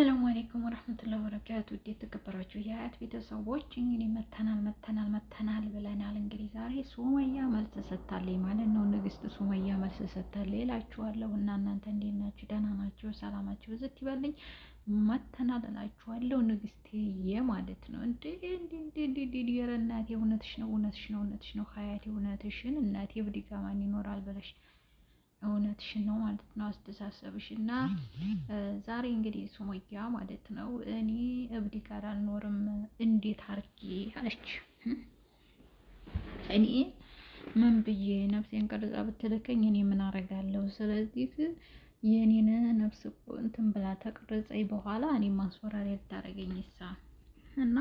አሰላሙ አሌይኩም ወረህመቱላሂ ወበረካቱ። ውድ የተከበራችሁ የሀያት ቤተሰቦች እንግዲህ መተናል መተናል መተናል ብለናል። እንግዲህ ዛሬ ሱመያ መልስ ሰጥታለች ማለት ነው። ንግስት ሱመያ መልስ ሰጥታለች እላችኋለሁ። እና እናንተ እንዴት ናችሁ? ደህና ናችሁ? ሰላማችሁ ብዝት ይበልኝ። መተናል እላችኋለሁ። ንግስትዬ ማለት ነው። እንዴ እንዴ! እናቴ እውነትሽ ነው፣ እውነትሽ ነው፣ እውነትሽ ነው። ሀያቴ እውነትሽን እናቴ ብድጋማን ይኖራል ብለሽ እውነትሽን ነው ማለት ነው አስተሳሰብሽ። እና ዛሬ እንግዲህ ሱመያ ማለት ነው እኔ እብድ ጋር አልኖርም እንዴት አርጌ አለች። እኔ ምን ብዬ ነፍሴን ቀርጻ ብትልከኝ እኔ ምን አረጋለሁ? ስለዚህ የእኔን ነፍስ እንትን ብላ ተቀረጸኝ በኋላ እኔ ማስወራሪያ ልታረገኝ ይሳ እና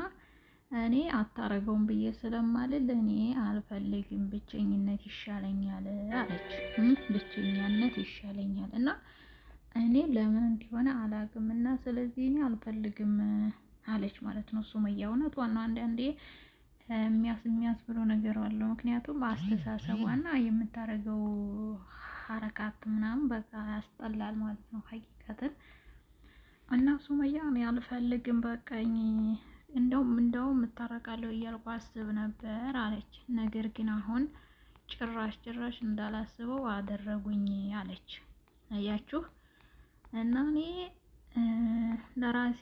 እኔ አታረገውም ብዬ ስለማልል እኔ አልፈልግም፣ ብቸኝነት ይሻለኛል አለች። ብቸኛነት ይሻለኛል እና እኔ ለምን እንዲሆነ አላውቅም እና ስለዚህ እኔ አልፈልግም አለች ማለት ነው። ሱመያ እውነት ዋና አንዳንዴ የሚያስ የሚያስ ብሎ ነገር አለው። ምክንያቱም አስተሳሰቧና የምታደርገው ሀረካት ምናምን በቃ ያስጠላል ማለት ነው ሀቂቀትን እና ሱመያ እኔ አልፈልግም በቃኝ እንደውም እንደውም እታረቃለሁ እያልኩ አስብ ነበር አለች። ነገር ግን አሁን ጭራሽ ጭራሽ እንዳላስበው አደረጉኝ አለች። አያችሁ እና እኔ ለራሴ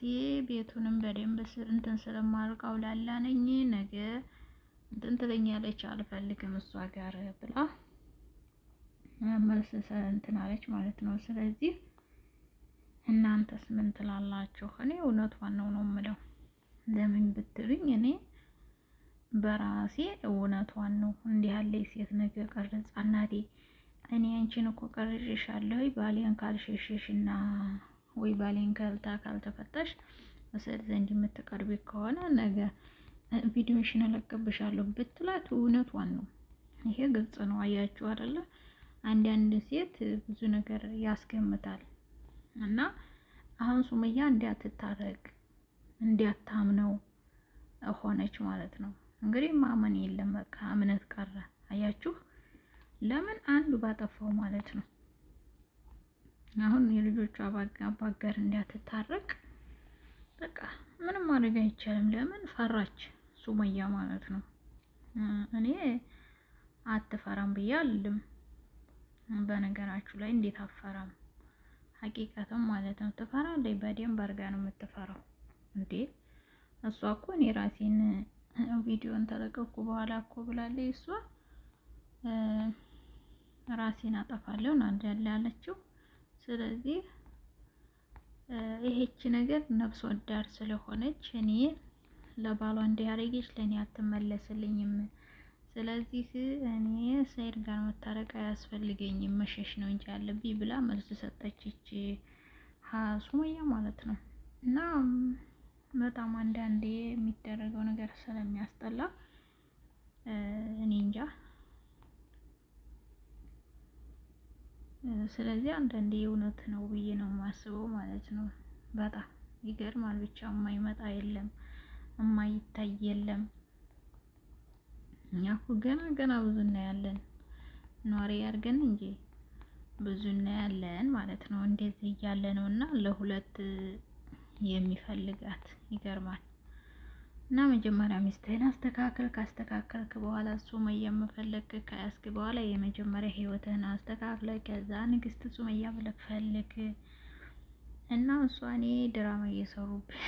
ቤቱንም በደንብ እንትን ስለማርቀው ላላነኝ ነገ እንትን ትለኛለች አልፈልግም እሷ ጋር ብላ መልስ እንትን አለች ማለት ነው። ስለዚህ እናንተስ ምን ትላላችሁ? እኔ እውነቷን ነው ነው የምለው። ለምን ብትሉኝ እኔ በራሴ እውነቷን ነው። እንዲህ ያለ ሴት ነገ ቀርጻ እናቴ እኔ አንቺን እኮ ወይ ባሌን እና ወይ ባሌን ከልታ ካልተፈታሽ እስር ዘንድ የምትቀርቢ ከሆነ ነገ ቪዲዮሽን እለቅብሻለሁ ብትላት እውነቷን ነው። ይሄ ግልጽ ነው። አያችሁ አይደለ? አንዳንድ ሴት ብዙ ነገር ያስገምታል እና አሁን ሱመያ እንዳትታረቅ እንዲያታምነው ሆነች ማለት ነው። እንግዲህ ማመን የለም በቃ እምነት ቀረ። አያችሁ ለምን አንዱ ባጠፋው ማለት ነው። አሁን የልጆቿ አባገር እንዲያትታረቅ በቃ ምንም ማድረግ አይቻልም። ለምን ፈራች ሱመያ ማለት ነው። እኔ አትፈራም ብዬ አልልም። በነገራችሁ ላይ እንዴት አፈራም? ሀቂቀትም ማለት ነው ላይ በደንብ አድርጋ ነው የምትፈራው። እንዴ እሷ እኮ እኔ ራሴን ቪዲዮን ተለቀኩ በኋላ እኮ ብላለች። እሷ ራሴን አጠፋለሁ አንድ ያለችው። ስለዚህ ይሄች ነገር ነፍስ ወዳድ ስለሆነች እኔ ለባሏ እንዲያረገች ለእኔ አትመለስልኝም። ስለዚህ እኔ ሰይድ ጋር መታረቅ አያስፈልገኝም መሸሽ ነው እንጂ አለብኝ ብላ መልስ ሰጠች። ሰጠችች ሱመያ ማለት ነው እና በጣም አንዳንዴ የሚደረገው ነገር ስለሚያስጠላ እኔ እንጃ። ስለዚህ አንዳንዴ እውነት ነው ብዬ ነው የማስበው ማለት ነው። በጣም ይገርማል። ብቻ የማይመጣ የለም፣ የማይታይ የለም። እኛ እኮ ገና ገና ብዙ እናያለን፣ ኗሪ ያርገን እንጂ ብዙ እናያለን ማለት ነው። እንደዚህ እያለ ነው እና ለሁለት የሚፈልጋት ይገርማል። እና መጀመሪያ ሚስትህን አስተካከል። ካስተካከልክ በኋላ ሱመያ መፈለግ ከያዝክ በኋላ የመጀመሪያ ህይወትህን አስተካክለ፣ ከዛ ንግስት ሱመያ ብለህ ፈልግ እና እሷ እኔ ድራማ እየሰሩብህ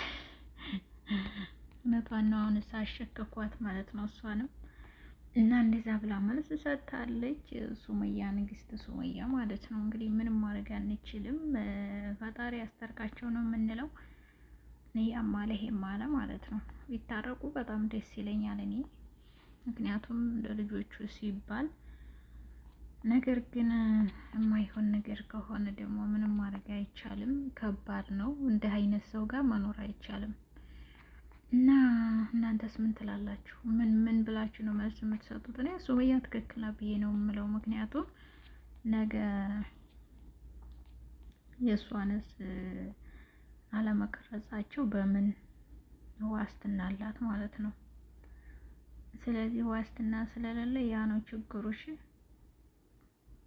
እውነቷን ነው። አሁን እሷ አሸከኳት ማለት ነው እሷ ነው እና እንደዛ ብላ መልስ ሰጥታለች። ሱመያ ንግስት ሱመያ ማለት ነው። እንግዲህ ምንም ማድረግ አንችልም። ፈጣሪ ያስታርቃቸው ነው የምንለው። ያም አለ ይሄም አለ ማለት ነው። ቢታረቁ በጣም ደስ ይለኛል እኔ ምክንያቱም ለልጆቹ ሲባል ነገር ግን የማይሆን ነገር ከሆነ ደግሞ ምንም ማድረግ አይቻልም። ከባድ ነው። እንደ አይነት ሰው ጋር መኖር አይቻልም። እና እናንተስ ምን ትላላችሁ? ምን ምን ብላችሁ ነው መልስ የምትሰጡት? እኔ ሱመያ ትክክል ናት ብዬ ነው የምለው። ምክንያቱም ነገ የእሷንስ አለመቀረጻቸው በምን ዋስትና አላት ማለት ነው። ስለዚህ ዋስትና ስለሌለ ያ ነው ችግሩ። እሺ